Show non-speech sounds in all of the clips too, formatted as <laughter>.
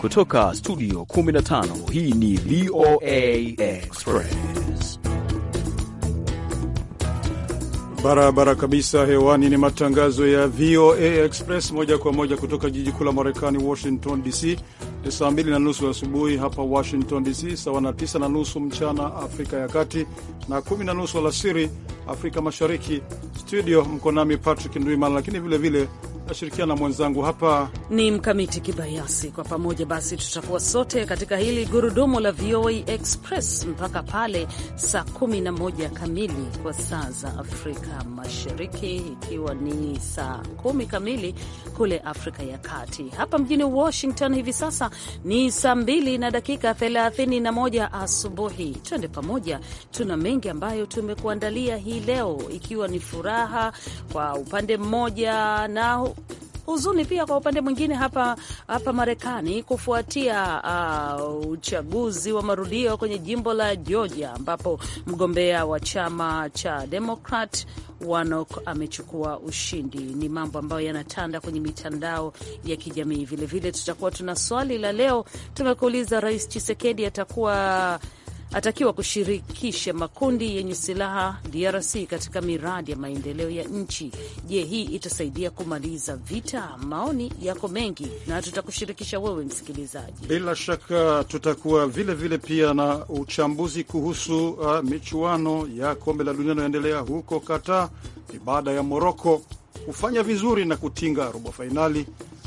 Kutoka studio 15 hii ni VOA Express barabara kabisa hewani. Ni matangazo ya VOA Express moja kwa moja kutoka jiji kuu la Marekani, Washington DC. Ni saa mbili na nusu asubuhi hapa Washington DC, sawa na tisa na nusu mchana Afrika ya Kati na kumi na nusu alasiri Afrika Mashariki. Studio mko nami Patrick Ndwimana, lakini vilevile nashirikiana na mwenzangu hapa ni Mkamiti Kibayasi. Kwa pamoja basi tutakuwa sote katika hili gurudumu la VOA Express mpaka pale saa 11 kamili kwa saa za Afrika Mashariki, ikiwa ni saa kumi kamili kule Afrika ya Kati. Hapa mjini Washington hivi sasa ni saa 2 na dakika 31 asubuhi. Twende pamoja, tuna mengi ambayo tumekuandalia hii leo, ikiwa ni furaha kwa upande mmoja na huzuni pia kwa upande mwingine hapa hapa Marekani kufuatia uh, uchaguzi wa marudio kwenye jimbo la Georgia ambapo mgombea wa chama cha Democrat Warnock amechukua ushindi. Ni mambo ambayo yanatanda kwenye mitandao ya kijamii. Vilevile tutakuwa tuna swali la leo, tumekuuliza Rais Chisekedi atakuwa atakiwa kushirikisha makundi yenye silaha DRC katika miradi ya maendeleo ya nchi. Je, hii itasaidia kumaliza vita? Maoni yako mengi na tutakushirikisha wewe msikilizaji. Bila shaka tutakuwa vilevile vile pia na uchambuzi kuhusu uh, michuano ya kombe la dunia inayoendelea huko Qatar baada ya Moroko kufanya vizuri na kutinga robo fainali.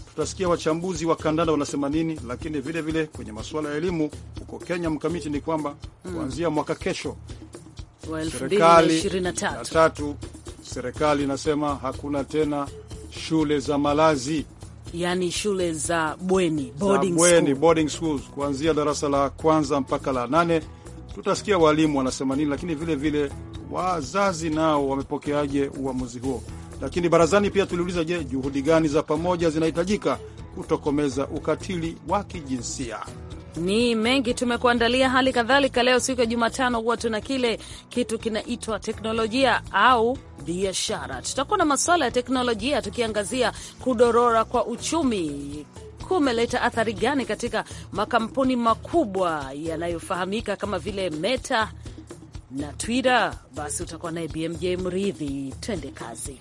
Tutasikia wachambuzi wa kandanda wanasema nini, lakini vilevile vile kwenye masuala ya elimu huko Kenya mkamiti ni kwamba hmm. kuanzia mwaka kesho serikali tatu serikali inasema hakuna tena shule za malazi, yani shule za bweni, boarding, za bweni school, boarding schools kuanzia darasa la kwanza mpaka la nane. Tutasikia walimu wanasema nini, lakini vile vile wazazi nao wamepokeaje uamuzi huo. Lakini barazani pia tuliuliza, je, juhudi gani za pamoja zinahitajika kutokomeza ukatili wa kijinsia? Ni mengi tumekuandalia. Hali kadhalika leo, siku ya Jumatano, huwa tuna kile kitu kinaitwa teknolojia au biashara. Tutakuwa na masuala ya teknolojia, tukiangazia kudorora kwa uchumi kumeleta athari gani katika makampuni makubwa yanayofahamika kama vile Meta na Twitter. Basi utakuwa naye BMJ Mridhi, twende kazi.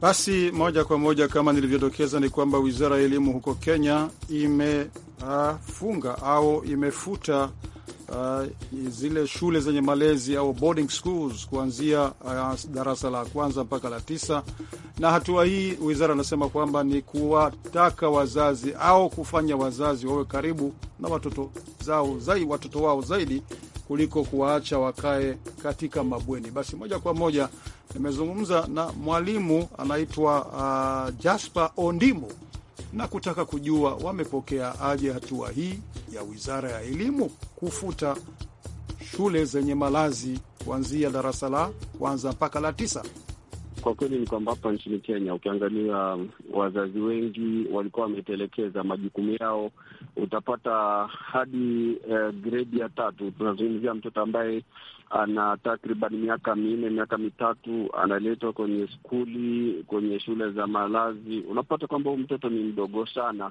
Basi moja kwa moja, kama nilivyodokeza, ni kwamba wizara ya elimu huko Kenya imefunga uh, au imefuta uh, zile shule zenye malezi au boarding schools kuanzia uh, darasa la kwanza mpaka la tisa, na hatua hii wizara anasema kwamba ni kuwataka wazazi au kufanya wazazi wawe karibu na watoto zao zaidi, watoto wao zaidi kuliko kuwaacha wakae katika mabweni. Basi moja kwa moja nimezungumza na mwalimu anaitwa uh, Jasper Ondimo na kutaka kujua wamepokea aje hatua hii ya Wizara ya Elimu kufuta shule zenye malazi kuanzia darasa la kwanza mpaka la tisa. Kwa kweli ni kwamba hapa nchini Kenya ukiangalia, um, wazazi wengi walikuwa wametelekeza majukumu yao. Utapata hadi uh, eh, gredi ya tatu, tunazungumzia mtoto ambaye ana takriban miaka minne miaka mitatu, analetwa kwenye skuli, kwenye shule za malazi, unapata kwamba huyu mtoto ni mdogo sana,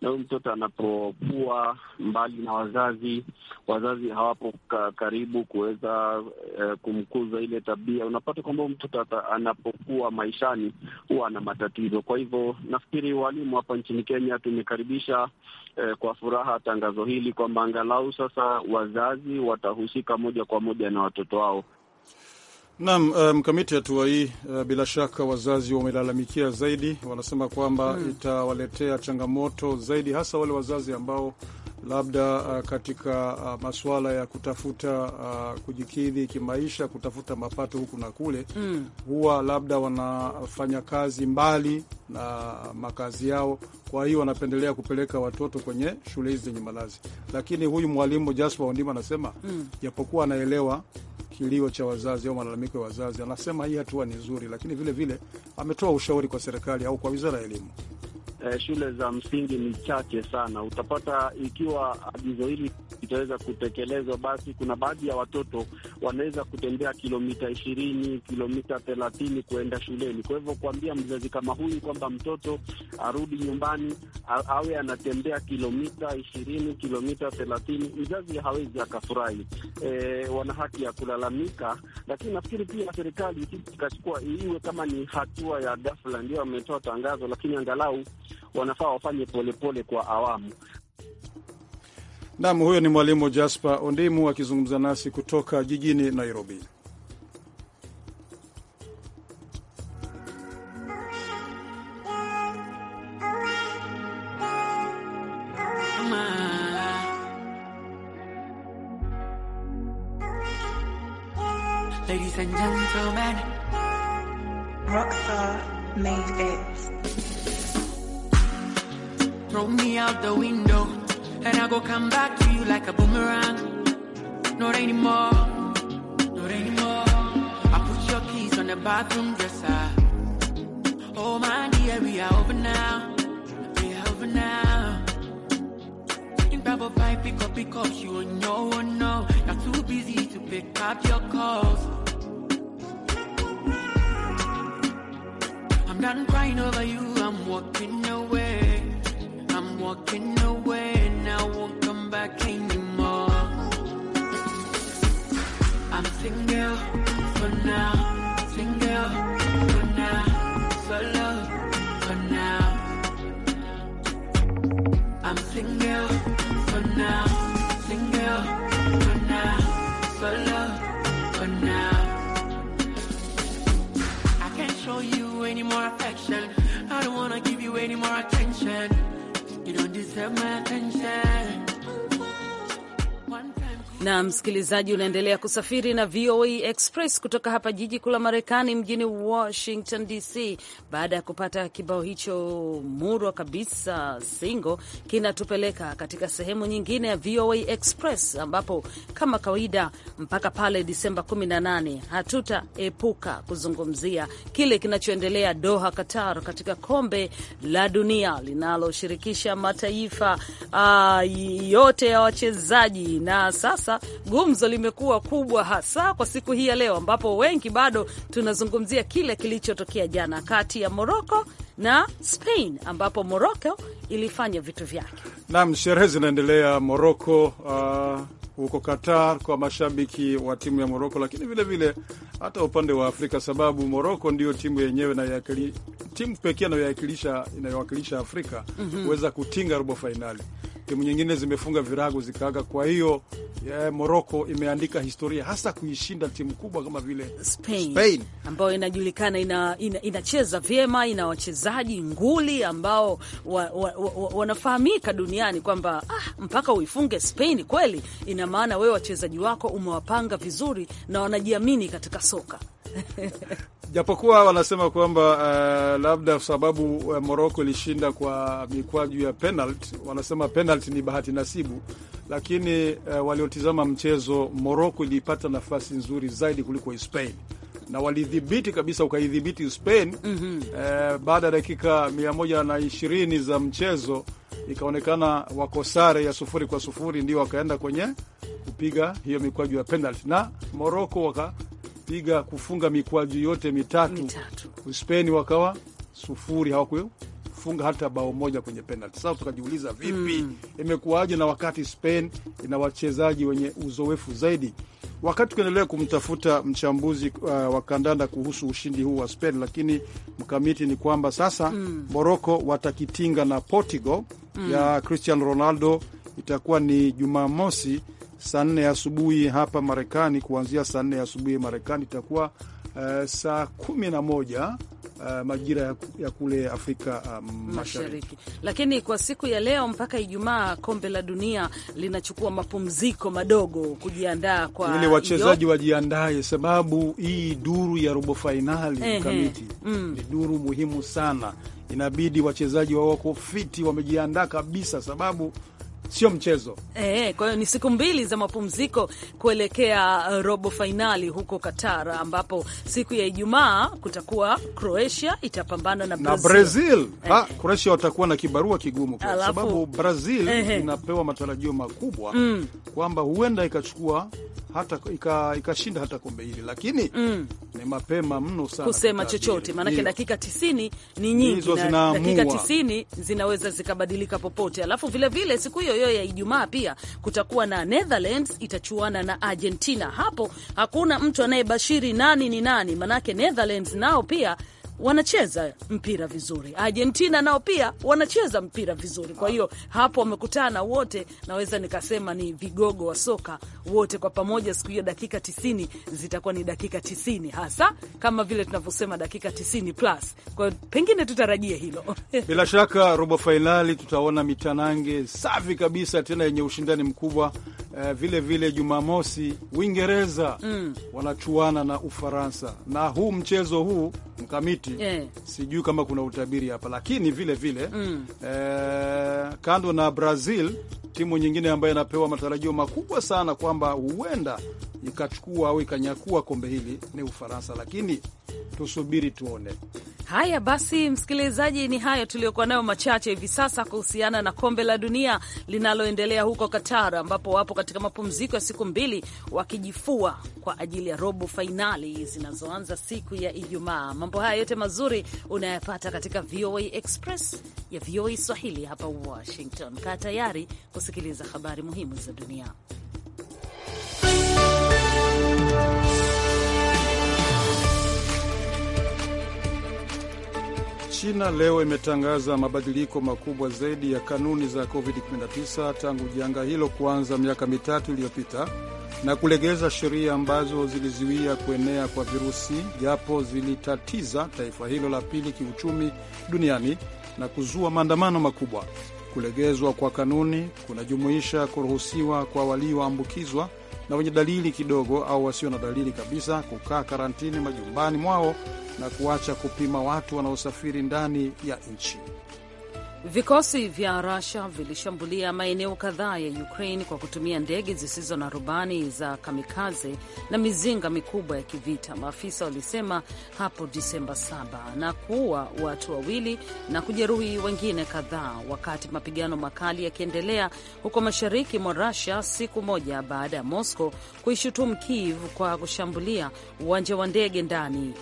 na huyu mtoto anapokuwa mbali na wazazi, wazazi hawapo karibu kuweza eh, kumkuza ile tabia, unapata kwamba huyu mtoto anapokuwa maishani huwa ana matatizo. Kwa hivyo nafikiri walimu hapa nchini Kenya tumekaribisha eh, kwa furaha tangazo hili kwamba angalau sasa wazazi watahusika moja kwa moja na watoto wao. Naam, eh, mkamiti, um, hatua hii uh, bila shaka wazazi wamelalamikia zaidi, wanasema kwamba hmm, itawaletea changamoto zaidi, hasa wale wazazi ambao labda uh, katika uh, masuala ya kutafuta uh, kujikidhi kimaisha, kutafuta mapato huku na kule mm. huwa labda wanafanya kazi mbali na makazi yao, kwa hiyo wanapendelea kupeleka watoto kwenye shule hizi zenye malazi. Lakini huyu mwalimu Jasper Ondima anasema mm. japokuwa mm. anaelewa kilio cha wazazi au malalamiko ya wazazi, anasema hii hatua ni nzuri, lakini vilevile vile, ametoa ushauri kwa serikali au kwa wizara ya elimu eh, shule za msingi ni chache sana. Utapata ikiwa agizo hili itaweza kutekelezwa, basi kuna baadhi ya watoto wanaweza kutembea kilomita ishirini, kilomita thelathini kuenda shuleni. Kwa hivyo kuambia mzazi kama huyu kwamba mtoto arudi nyumbani awe anatembea kilomita ishirini, kilomita thelathini, mzazi hawezi akafurahi. E, wana haki ya kulalamika, lakini nafikiri pia serikali ikachukua iwe kama ni hatua ya ghafla, ndio wametoa tangazo, lakini angalau wanafaa wafanye polepole kwa awamu. Nam, huyo ni mwalimu Jasper Ondimu akizungumza nasi kutoka jijini Nairobi. And I go come back to you like a boomerang. Not anymore, not anymore. I put your keys on the bathroom dresser. Oh my dear, we are over now. We are over now. In double five, pick up, pick up. You know, oh no. You're too busy to pick up your calls. I'm done crying over you, I'm walking away walking away and I won't come back anymore. I'm single for now, single for now, solo for now. I'm single for now, single for now, solo for now. I can't show you any more affection. I don't wanna give you any more attention. Sama kan siya na msikilizaji, unaendelea kusafiri na VOA Express kutoka hapa jiji kuu la Marekani, mjini Washington DC. Baada ya kupata kibao hicho murwa kabisa single, kinatupeleka katika sehemu nyingine ya VOA Express, ambapo kama kawaida mpaka pale Disemba 18 hatutaepuka kuzungumzia kile kinachoendelea Doha, Qatar, katika kombe la dunia linaloshirikisha mataifa uh, yote ya wachezaji na sasa sasa gumzo limekuwa kubwa, hasa kwa siku hii ya leo, ambapo wengi bado tunazungumzia kile kilichotokea jana kati ya Moroko na Spain ambapo Moroko ilifanya vitu vyake. Naam, sherehe zinaendelea Moroko, uh, huko Qatar kwa mashabiki wa timu ya Moroko, lakini vilevile hata upande wa Afrika sababu Moroko ndio timu yenyewe na timu pekee inayowakilisha Afrika mm huweza -hmm. kutinga robo fainali timu nyingine zimefunga virago zikaaga. Kwa hiyo yeah, Moroko imeandika historia hasa kuishinda timu kubwa kama vile Spain, Spain, ambayo inajulikana inacheza ina, ina vyema, ina wachezaji nguli ambao wanafahamika wa, wa, wa, duniani kwamba ah, mpaka uifunge Spain kweli, ina maana wewe wachezaji wako umewapanga vizuri na wanajiamini katika soka <laughs> japokuwa wanasema kwamba uh, labda sababu uh, eh, Moroko ilishinda kwa mikwaju ya penalty, wanasema Charles ni bahati nasibu, lakini uh, waliotizama mchezo, Morocco ilipata nafasi nzuri zaidi kuliko Spain na walidhibiti kabisa, ukaidhibiti Spain mm -hmm. Eh, baada ya dakika 120 za mchezo ikaonekana wako sare ya sufuri kwa sufuri, ndio wakaenda kwenye kupiga hiyo mikwaju ya penalty, na Morocco wakapiga kufunga mikwaju yote mitatu, mitatu. Spain wakawa sufuri hawakuyo kufunga hata bao moja kwenye penalti. Sasa tukajiuliza vipi, mm. imekuwaje? Na wakati Spain ina wachezaji wenye uzoefu zaidi. Wakati tukiendelea kumtafuta mchambuzi uh, wa kandanda kuhusu ushindi huu wa Spain, lakini mkamiti ni kwamba sasa mm. Moroko watakitinga na Portugal mm. ya Cristiano Ronaldo itakuwa ni Jumamosi saa nne asubuhi hapa Marekani, kuanzia saa nne asubuhi Marekani itakuwa Eh, kumi saa 11 Uh, majira ya kule Afrika uh, Mashariki. Lakini kwa siku ya leo mpaka Ijumaa kombe la dunia linachukua mapumziko madogo kujiandaa kwa wachezaji wajiandae, sababu hii duru ya robo fainali kamiti mm, ni duru muhimu sana, inabidi wachezaji wawako fiti, wamejiandaa kabisa, sababu sio mchezo eh, eh. Kwa hiyo ni siku mbili za mapumziko kuelekea uh, robo fainali huko Qatar, ambapo siku ya Ijumaa kutakuwa Croatia itapambana na Brazil, na Brazil. Eh. Ha, Croatia watakuwa na kibarua kigumu kwa Alafu, sababu Brazil eh, eh, inapewa matarajio makubwa mm, kwamba huenda ikachukua hata ikashinda hata kombe hili lakini mm, ni mapema mno sana kusema chochote, maanake dakika tisini ni nyingi na dakika zinaweza zikabadilika popote. Alafu vilevile siku hiyo hiyo ya Ijumaa pia kutakuwa na Netherlands itachuana na Argentina. Hapo hakuna mtu anayebashiri nani ni nani, manake Netherlands nao pia wanacheza mpira vizuri, Argentina nao pia wanacheza mpira vizuri. Kwa hiyo hapo wamekutana wote, naweza nikasema ni vigogo wa soka wote kwa pamoja. Siku hiyo dakika tisini zitakuwa ni dakika tisini hasa kama vile tunavyosema dakika tisini plus. Kwa hiyo pengine tutarajie hilo <laughs> bila shaka robo fainali tutaona mitanange safi kabisa, tena yenye ushindani mkubwa eh, vile vile Jumamosi Uingereza mm. wanachuana na Ufaransa, na huu mchezo huu mkamiti yeah. sijui kama kuna utabiri hapa, lakini vile vile mm. eh, kando na Brazil timu nyingine ambayo inapewa matarajio makubwa sana kwamba huenda ikachukua au ikanyakua kombe hili ni Ufaransa, lakini tusubiri tuone. Haya basi, msikilizaji, ni hayo tuliyokuwa nayo machache hivi sasa kuhusiana na kombe la dunia linaloendelea huko Qatar, ambapo wapo katika mapumziko ya siku mbili wakijifua kwa ajili ya robo fainali zinazoanza siku ya Ijumaa. Mambo haya yote mazuri unayapata katika VOA Express ya VOA Swahili hapa Washington. Kaa tayari kusikiliza habari muhimu za dunia. China leo imetangaza mabadiliko makubwa zaidi ya kanuni za COVID-19 tangu janga hilo kuanza miaka mitatu iliyopita na kulegeza sheria ambazo zilizuia kuenea kwa virusi, japo zilitatiza taifa hilo la pili kiuchumi duniani na kuzua maandamano makubwa. Kulegezwa kwa kanuni kunajumuisha kuruhusiwa kwa walioambukizwa na wenye dalili kidogo au wasio na dalili kabisa kukaa karantini majumbani mwao na kuacha kupima watu wanaosafiri ndani ya nchi. Vikosi vya Russia vilishambulia maeneo kadhaa ya Ukraine kwa kutumia ndege zisizo na rubani za kamikaze na mizinga mikubwa ya kivita, maafisa walisema hapo Disemba 7 na kuua watu wawili na kujeruhi wengine kadhaa, wakati mapigano makali yakiendelea huko mashariki mwa rusia siku moja baada ya Moscow kuishutumu Kiev kwa kushambulia uwanja wa ndege ndani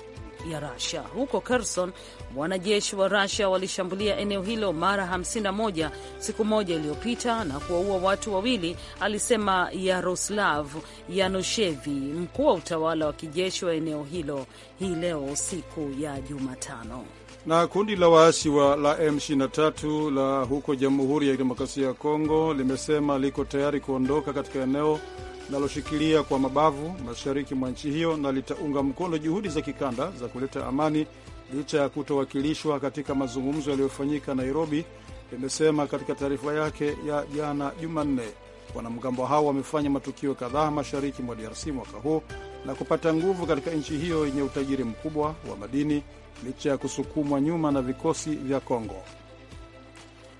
ya Rasia. Huko Kherson, wanajeshi wa Rasia walishambulia eneo hilo mara 51 siku moja iliyopita na kuwaua watu wawili, alisema Yaroslav Yanushevi, mkuu wa utawala wa kijeshi wa eneo hilo, hii leo siku ya Jumatano. Na kundi la waasi wa la M23 la huko Jamhuri ya Kidemokrasia ya Kongo limesema liko tayari kuondoka katika eneo linaloshikilia kwa mabavu mashariki mwa nchi hiyo na litaunga mkono juhudi za kikanda za kuleta amani licha ya kutowakilishwa katika mazungumzo yaliyofanyika Nairobi, limesema katika taarifa yake ya jana Jumanne. Wanamgambo hao wamefanya matukio kadhaa mashariki mwa DRC mwaka huu na kupata nguvu katika nchi hiyo yenye utajiri mkubwa wa madini licha ya kusukumwa nyuma na vikosi vya Kongo.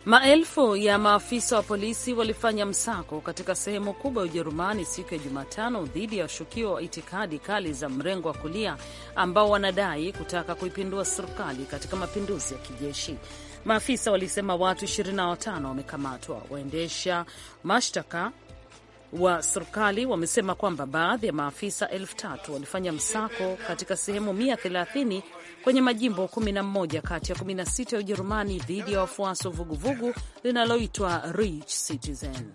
Maelfu ya maafisa wa polisi walifanya msako katika sehemu kubwa ya Ujerumani siku ya Jumatano dhidi ya washukiwa wa itikadi kali za mrengo wa kulia ambao wanadai kutaka kuipindua serikali katika mapinduzi ya kijeshi. Maafisa walisema watu 25 wamekamatwa. Waendesha mashtaka wa serikali wamesema kwamba baadhi ya maafisa elfu tatu walifanya msako katika sehemu kwenye majimbo 11 kati ya 16 ya Ujerumani dhidi ya wafuasi wa vuguvugu linaloitwa Reich Citizen.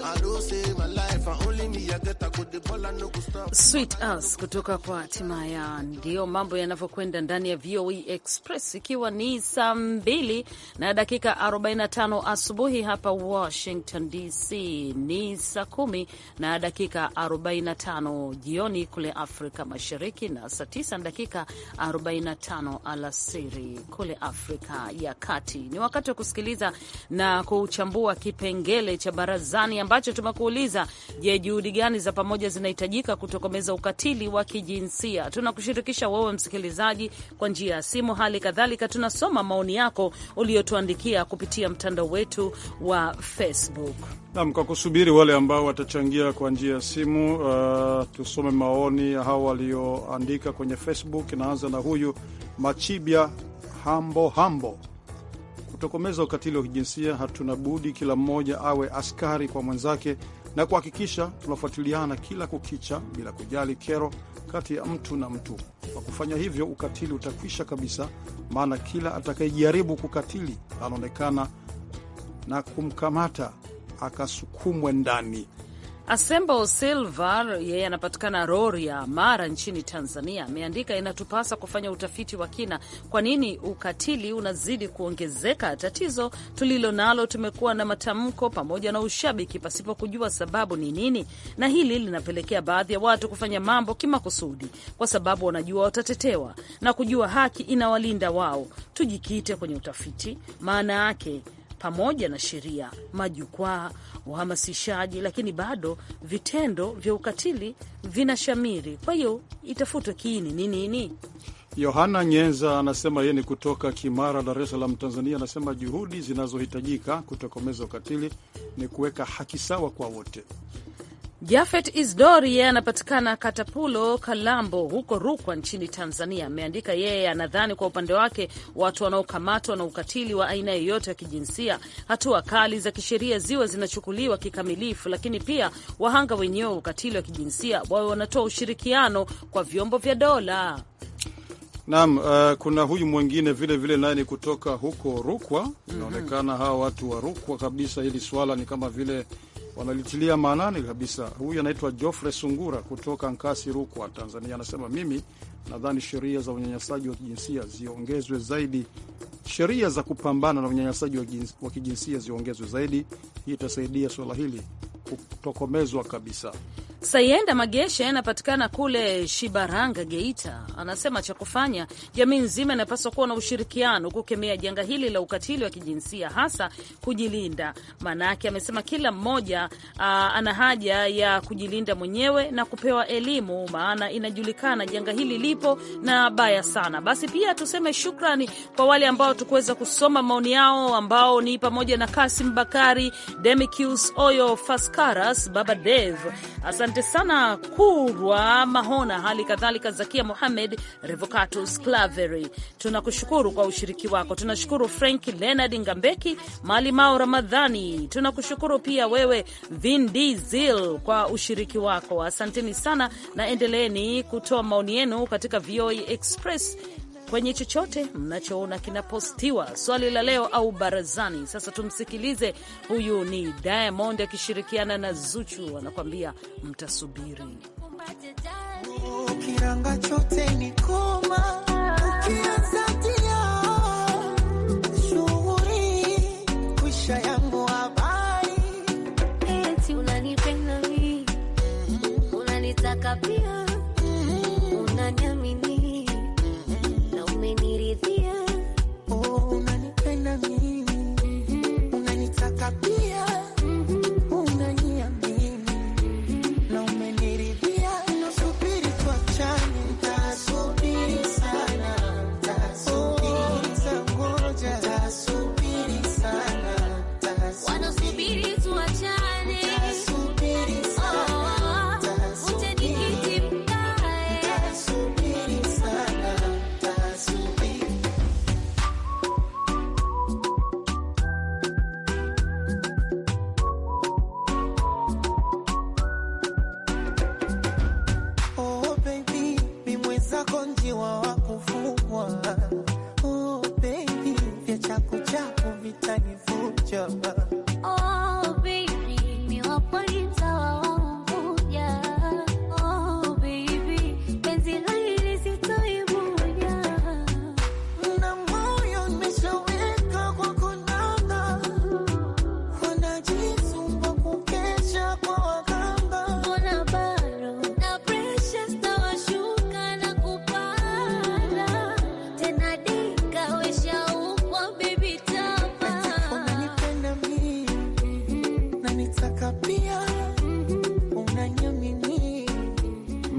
I don't say my life, I only me, I get Sweet us kutoka kwa Timaya. Ndiyo mambo yanavyokwenda ndani ya VOE Express, ikiwa ni saa 2 na dakika 45 asubuhi hapa Washington DC, ni saa kumi na dakika 45 jioni kule Afrika Mashariki, na saa 9 na dakika 45 alasiri kule Afrika ya Kati. Ni wakati wa kusikiliza na kuchambua kipengele cha barazani ambacho tumekuuliza, je, juhudi gani za pamoja pamoja zinahitajika kutokomeza ukatili wa kijinsia. Tunakushirikisha wewe msikilizaji kwa njia ya simu, hali kadhalika tunasoma maoni yako uliyotuandikia kupitia mtandao wetu wa Facebook. Nam, kwa kusubiri wale ambao watachangia kwa njia ya simu, uh, tusome maoni ya hao walioandika kwenye Facebook. Inaanza na huyu machibya Hambo Hambo. Kutokomeza ukatili wa kijinsia, hatuna budi kila mmoja awe askari kwa mwenzake na kuhakikisha tunafuatiliana kila kukicha bila kujali kero kati ya mtu na mtu. Kwa kufanya hivyo, ukatili utakwisha kabisa, maana kila atakayejaribu kukatili anaonekana na kumkamata akasukumwe ndani. Asembo Silver yeye anapatikana Roria, Mara nchini Tanzania, ameandika inatupasa kufanya utafiti wa kina, kwa nini ukatili unazidi kuongezeka? Tatizo tulilo nalo, tumekuwa na matamko pamoja na ushabiki pasipo kujua sababu ni nini, na hili linapelekea baadhi ya watu kufanya mambo kimakusudi, kwa sababu wanajua watatetewa na kujua haki inawalinda wao. Tujikite kwenye utafiti, maana yake pamoja na sheria, majukwaa, uhamasishaji, lakini bado vitendo vya ukatili vinashamiri. Kwa hiyo itafutwe kiini ni nini? Yohana Nyenza anasema yeye ni kutoka Kimara, Dar es Salaam, Tanzania. Anasema juhudi zinazohitajika kutokomeza ukatili ni kuweka haki sawa kwa wote. Jafet Isdori yeye anapatikana Katapulo, Kalambo huko Rukwa nchini Tanzania. Ameandika yeye anadhani kwa upande wake watu wanaokamatwa na ukatili wa aina yoyote ya kijinsia, hatua kali za kisheria ziwe zinachukuliwa kikamilifu, lakini pia wahanga wenyewe wa ukatili wa kijinsia wawe wanatoa ushirikiano kwa vyombo vya dola. Naam, uh, kuna huyu mwingine vilevile naye ni kutoka huko Rukwa. Inaonekana mm -hmm. hawa watu wa Rukwa kabisa, hili swala ni kama vile wanalitilia maanani kabisa. Huyu anaitwa Geoffrey Sungura kutoka Nkasi, Rukwa, Tanzania, anasema mimi nadhani sheria za unyanyasaji wa kijinsia ziongezwe zaidi, sheria za kupambana na unyanyasaji wa kijinsia ziongezwe zaidi. Hii itasaidia suala hili kutokomezwa kabisa. Sayenda Magesha anapatikana kule Shibaranga, Geita, anasema cha kufanya, jamii nzima inapaswa kuwa na ushirikiano kukemea janga hili la ukatili wa kijinsia, hasa kujilinda. maanaake amesema kila mmoja uh, ana haja ya kujilinda mwenyewe na kupewa elimu, maana inajulikana janga hili lipo na baya sana. Basi pia tuseme shukrani kwa wale ambao tukuweza kusoma maoni yao ambao ni pamoja na Kasim Bakari, Demikius Oyo, Faskaras, Baba Dev, asante Asante sana Kurwa Mahona, hali kadhalika Zakia Muhamed, Revocatus Clavery, tunakushukuru kwa ushiriki wako. Tunashukuru Frank Leonard Ngambeki, Malimao Ramadhani, tunakushukuru pia wewe Vin Diesel kwa ushiriki wako. Asanteni sana na endeleeni kutoa maoni yenu katika VOA Express kwenye chochote mnachoona kinapostiwa, swali la leo au barazani. Sasa tumsikilize, huyu ni Diamond akishirikiana na Zuchu, anakuambia mtasubiri kiranga chote ni koma, ukianza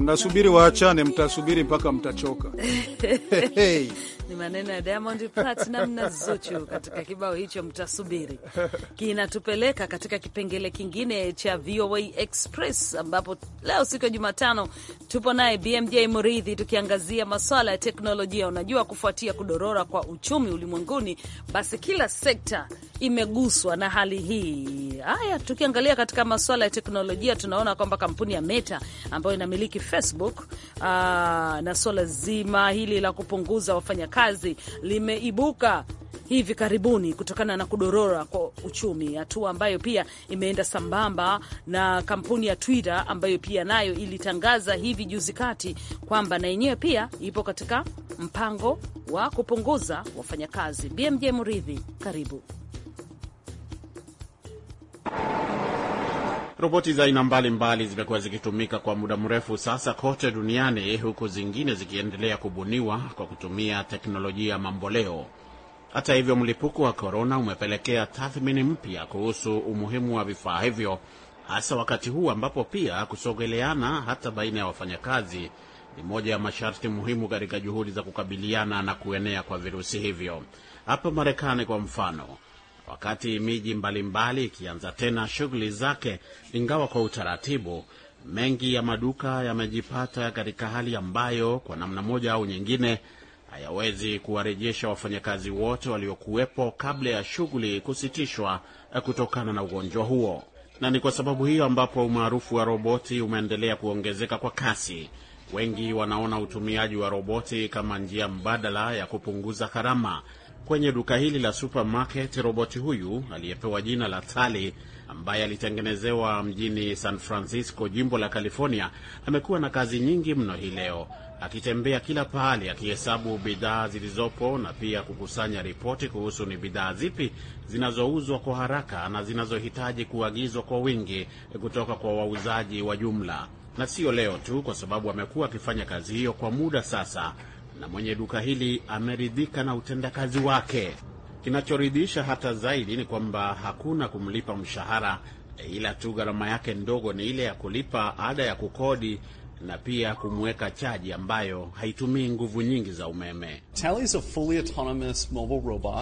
mnasubiri waachane, mtasubiri mpaka mtachoka. <laughs> hey, hey. Ni maneno ya Diamond Platinum na Zuchu katika kibao hicho, mtasubiri. Kinatupeleka katika kipengele kingine cha VOA Express, ambapo leo siku ya Jumatano tupo naye BMJ Muridhi tukiangazia maswala ya teknolojia. Unajua, kufuatia kudorora kwa uchumi ulimwenguni, basi kila sekta imeguswa na hali hii. Haya, tukiangalia katika maswala ya teknolojia, tunaona kwamba kampuni ya Meta ambayo inamiliki Facebook aa, na swala zima hili la kupunguza wafanya makazi limeibuka hivi karibuni kutokana na kudorora kwa uchumi, hatua ambayo pia imeenda sambamba na kampuni ya Twitter ambayo pia nayo ilitangaza hivi juzi kati kwamba na yenyewe pia ipo katika mpango wa kupunguza wafanyakazi. BMJ Muridhi, karibu. Roboti za aina mbalimbali zimekuwa zikitumika kwa muda mrefu sasa kote duniani, huku zingine zikiendelea kubuniwa kwa kutumia teknolojia mamboleo. Hata hivyo, mlipuko wa korona umepelekea tathmini mpya kuhusu umuhimu wa vifaa hivyo, hasa wakati huu ambapo pia kusogeleana hata baina ya wafanyakazi ni moja ya masharti muhimu katika juhudi za kukabiliana na kuenea kwa virusi hivyo. Hapa Marekani kwa mfano wakati miji mbalimbali ikianza tena shughuli zake, ingawa kwa utaratibu. Mengi ya maduka yamejipata katika hali ambayo kwa namna moja au nyingine hayawezi kuwarejesha wafanyakazi wote waliokuwepo kabla ya shughuli kusitishwa kutokana na ugonjwa huo, na ni kwa sababu hiyo ambapo umaarufu wa roboti umeendelea kuongezeka kwa kasi. Wengi wanaona utumiaji wa roboti kama njia mbadala ya kupunguza gharama Kwenye duka hili la supermarket, roboti huyu aliyepewa jina la Tali, ambaye alitengenezewa mjini San Francisco, jimbo la California, amekuwa na kazi nyingi mno hii leo, akitembea kila pahali akihesabu bidhaa zilizopo na pia kukusanya ripoti kuhusu ni bidhaa zipi zinazouzwa kwa haraka na zinazohitaji kuagizwa kwa wingi kutoka kwa wauzaji wa jumla. Na sio leo tu, kwa sababu amekuwa akifanya kazi hiyo kwa muda sasa na mwenye duka hili ameridhika na utendakazi wake. Kinachoridhisha hata zaidi ni kwamba hakuna kumlipa mshahara, ila tu gharama yake ndogo ni ile ya kulipa ada ya kukodi na pia kumweka chaji ambayo haitumii nguvu nyingi za umeme.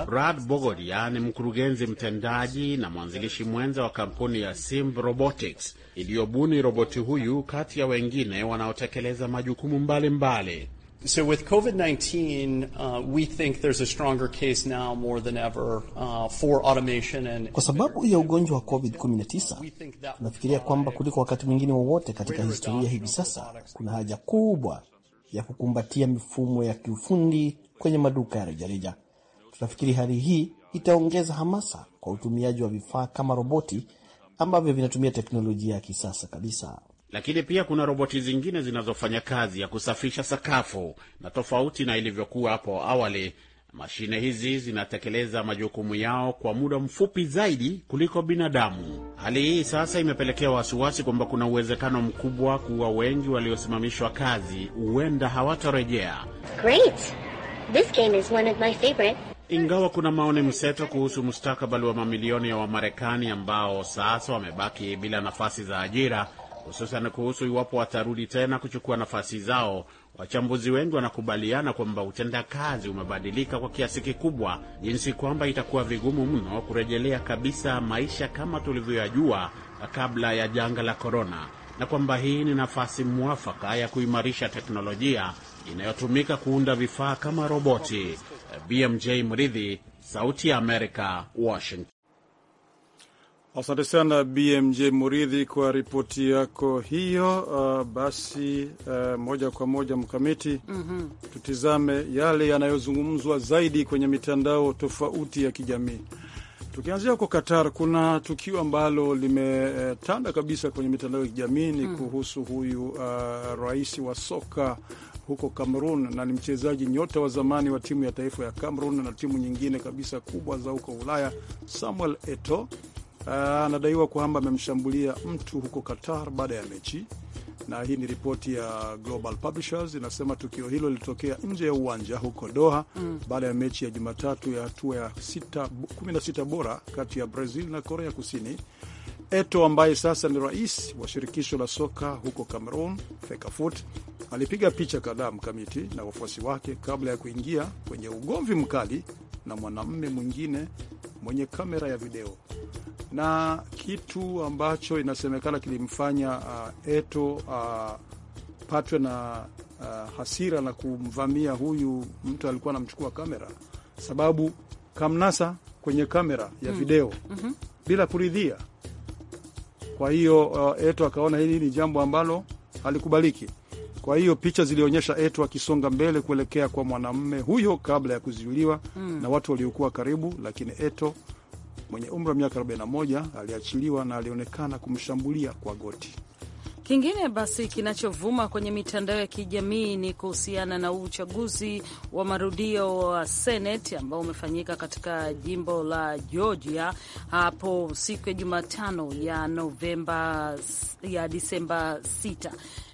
Rad Bogodia ni mkurugenzi mtendaji na mwanzilishi mwenza wa kampuni ya Simb Robotics iliyobuni roboti huyu kati ya wengine wanaotekeleza majukumu mbalimbali mbali. So with COVID-19, uh, we think there's a stronger case now more than ever, uh, for automation and... Kwa sababu ya ugonjwa wa COVID-19 tunafikiria kwamba kuliko wakati mwingine wowote katika historia hivi sasa kuna haja kubwa ya kukumbatia mifumo ya kiufundi kwenye maduka ya rejareja. Tunafikiri hali hii itaongeza hamasa kwa utumiaji wa vifaa kama roboti ambavyo vinatumia teknolojia ya kisasa kabisa. Lakini pia kuna roboti zingine zinazofanya kazi ya kusafisha sakafu, na tofauti na ilivyokuwa hapo awali, mashine hizi zinatekeleza majukumu yao kwa muda mfupi zaidi kuliko binadamu. Hali hii sasa imepelekea wasiwasi kwamba kuna uwezekano mkubwa kuwa wengi waliosimamishwa kazi huenda hawatarejea. Ingawa kuna maoni mseto kuhusu mustakabali wa mamilioni ya Wamarekani ambao sasa wamebaki bila nafasi za ajira hususan kuhusu iwapo watarudi tena kuchukua nafasi zao. Wachambuzi wengi wanakubaliana kwamba utendakazi umebadilika kwa kiasi kikubwa, jinsi kwamba itakuwa vigumu mno kurejelea kabisa maisha kama tulivyoyajua kabla ya janga la korona, na kwamba hii ni nafasi mwafaka ya kuimarisha teknolojia inayotumika kuunda vifaa kama roboti. BMJ Mridhi, Sauti ya Amerika, Washington. Asante sana BMJ Muridhi kwa ripoti yako hiyo. Uh, basi uh, moja kwa moja mkamiti, mm -hmm. tutizame yale yanayozungumzwa zaidi kwenye mitandao tofauti ya kijamii. Tukianzia huko Qatar, kuna tukio ambalo limetanda kabisa kwenye mitandao ya kijamii ni mm -hmm. kuhusu huyu uh, rais wa soka huko Cameroon na ni mchezaji nyota wa zamani wa timu ya taifa ya Cameroon na timu nyingine kabisa kubwa za huko Ulaya, Samuel Eto'o Ah, anadaiwa kwamba amemshambulia mtu huko Qatar baada ya mechi, na hii ni ripoti ya Global Publishers inasema tukio hilo lilitokea nje ya uwanja huko Doha mm. baada ya mechi ya Jumatatu ya hatua ya 16 bora kati ya Brazil na Korea Kusini. Eto ambaye sasa ni rais wa shirikisho la soka huko Cameroon, Fecafoot, alipiga picha kadhaa mkamiti na wafuasi wake kabla ya kuingia kwenye ugomvi mkali na mwanamme mwingine mwenye kamera ya video, na kitu ambacho inasemekana kilimfanya uh, Eto uh, patwe na uh, hasira na kumvamia huyu mtu alikuwa anamchukua kamera, sababu kamnasa kwenye kamera ya mm. video mm -hmm. bila kuridhia. Kwa hiyo uh, Eto akaona hili ni jambo ambalo halikubaliki. Kwa hiyo picha zilionyesha eto akisonga mbele kuelekea kwa mwanamume huyo kabla ya kuzuiliwa mm. na watu waliokuwa karibu, lakini eto mwenye umri wa miaka 41 aliachiliwa na alionekana kumshambulia kwa goti. Kingine basi kinachovuma kwenye mitandao ya kijamii ni kuhusiana na uchaguzi wa marudio wa Senate ambao umefanyika katika jimbo la Georgia hapo siku ya Jumatano ya Novemba ya Disemba 6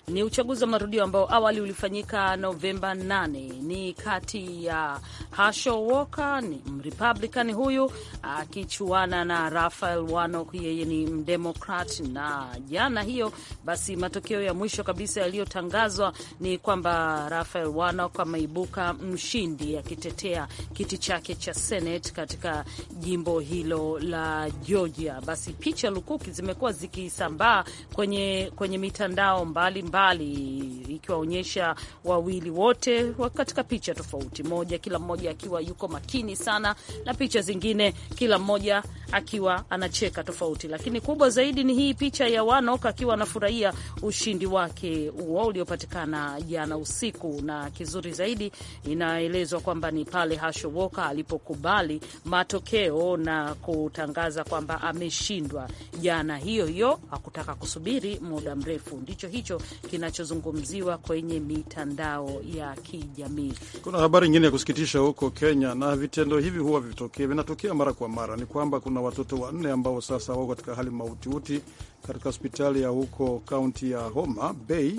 ni uchaguzi wa marudio ambao awali ulifanyika Novemba 8. Ni kati ya Herschel Walker, ni Mrepublican huyu akichuana na rafael Warnock, yeye ni Mdemokrat. Na jana hiyo basi, matokeo ya mwisho kabisa yaliyotangazwa ni kwamba rafael Warnock ameibuka mshindi akitetea kiti chake cha Senate katika jimbo hilo la Georgia. Basi picha lukuki zimekuwa zikisambaa kwenye, kwenye mitandao mbalimbali mbali mbalimbali ikiwaonyesha wawili wote katika picha tofauti, moja kila mmoja akiwa yuko makini sana, na picha zingine kila mmoja akiwa anacheka tofauti, lakini kubwa zaidi ni hii picha ya Wanok akiwa anafurahia ushindi wake huo uliopatikana jana usiku, na kizuri zaidi inaelezwa kwamba ni pale Herschel Walker alipokubali matokeo na kutangaza kwamba ameshindwa jana hiyo hiyo, hakutaka kusubiri muda mrefu. Ndicho hicho kinachozungumziwa kwenye mitandao ya kijamii. Kuna habari nyingine ya kusikitisha huko Kenya, na vitendo hivi huwa vitokee, vinatokea mara kwa mara. Ni kwamba kuna watoto wanne ambao sasa wako katika hali mautiuti katika hospitali ya huko kaunti ya Homa Bay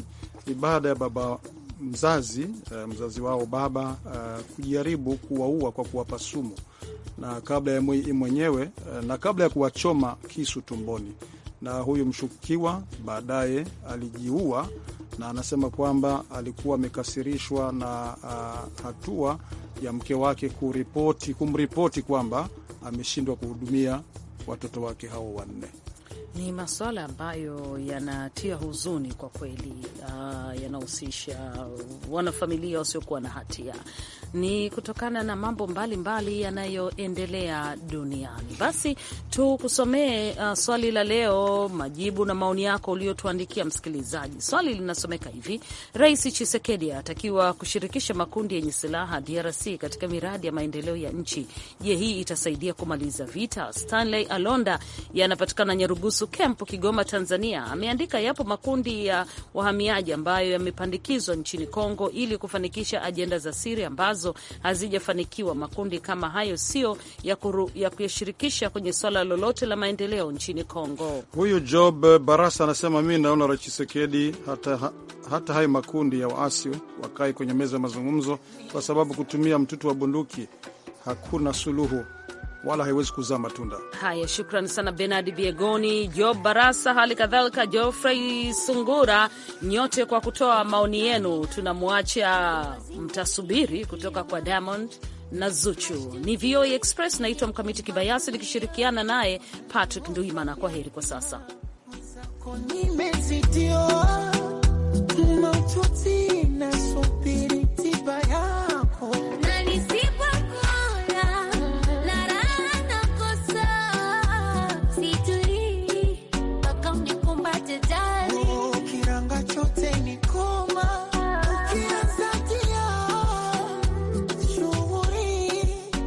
ni baada ya baba mzazi eh, mzazi wao baba uh, kujaribu kuwaua kwa kuwapa sumu na kabla ya mwenyewe eh, na kabla ya kuwachoma kisu tumboni na huyu mshukiwa baadaye alijiua, na anasema kwamba alikuwa amekasirishwa na uh, hatua ya mke wake kuripoti kumripoti kwamba ameshindwa kuhudumia watoto wake hao wanne. Ni masuala ambayo yanatia huzuni kwa kweli. Uh, yanahusisha wanafamilia wasiokuwa na hatia, ni kutokana na mambo mbalimbali yanayoendelea duniani. Basi tukusomee uh, swali la leo, majibu na maoni yako uliotuandikia msikilizaji. Swali linasomeka hivi: Rais Chisekedi atakiwa kushirikisha makundi yenye silaha DRC katika miradi ya maendeleo ya nchi. Je, hii itasaidia kumaliza vita? Stanley Alonda yanapatikana Nyarugusu Lusutembo, Kigoma, Tanzania, ameandika yapo makundi ya wahamiaji ambayo yamepandikizwa nchini Kongo ili kufanikisha ajenda za siri ambazo hazijafanikiwa. Makundi kama hayo sio ya, ya kuyashirikisha kwenye swala lolote la maendeleo nchini Kongo. Huyu Job Barasa anasema mi naona Rais Chisekedi hata, ha, hata hayo makundi ya waasi wakae kwenye meza ya mazungumzo, kwa sababu kutumia mtutu wa bunduki hakuna suluhu wala haiwezi kuzaa matunda haya. Shukran sana Benard Biegoni, Job Barasa, hali kadhalika Geoffrey Sungura, nyote kwa kutoa maoni yenu. Tunamwacha mtasubiri kutoka kwa Diamond na Zuchu. Ni VOA Express, naitwa Mkamiti Kibayasi nikishirikiana naye Patrick Nduimana. Kwa heri kwa sasa.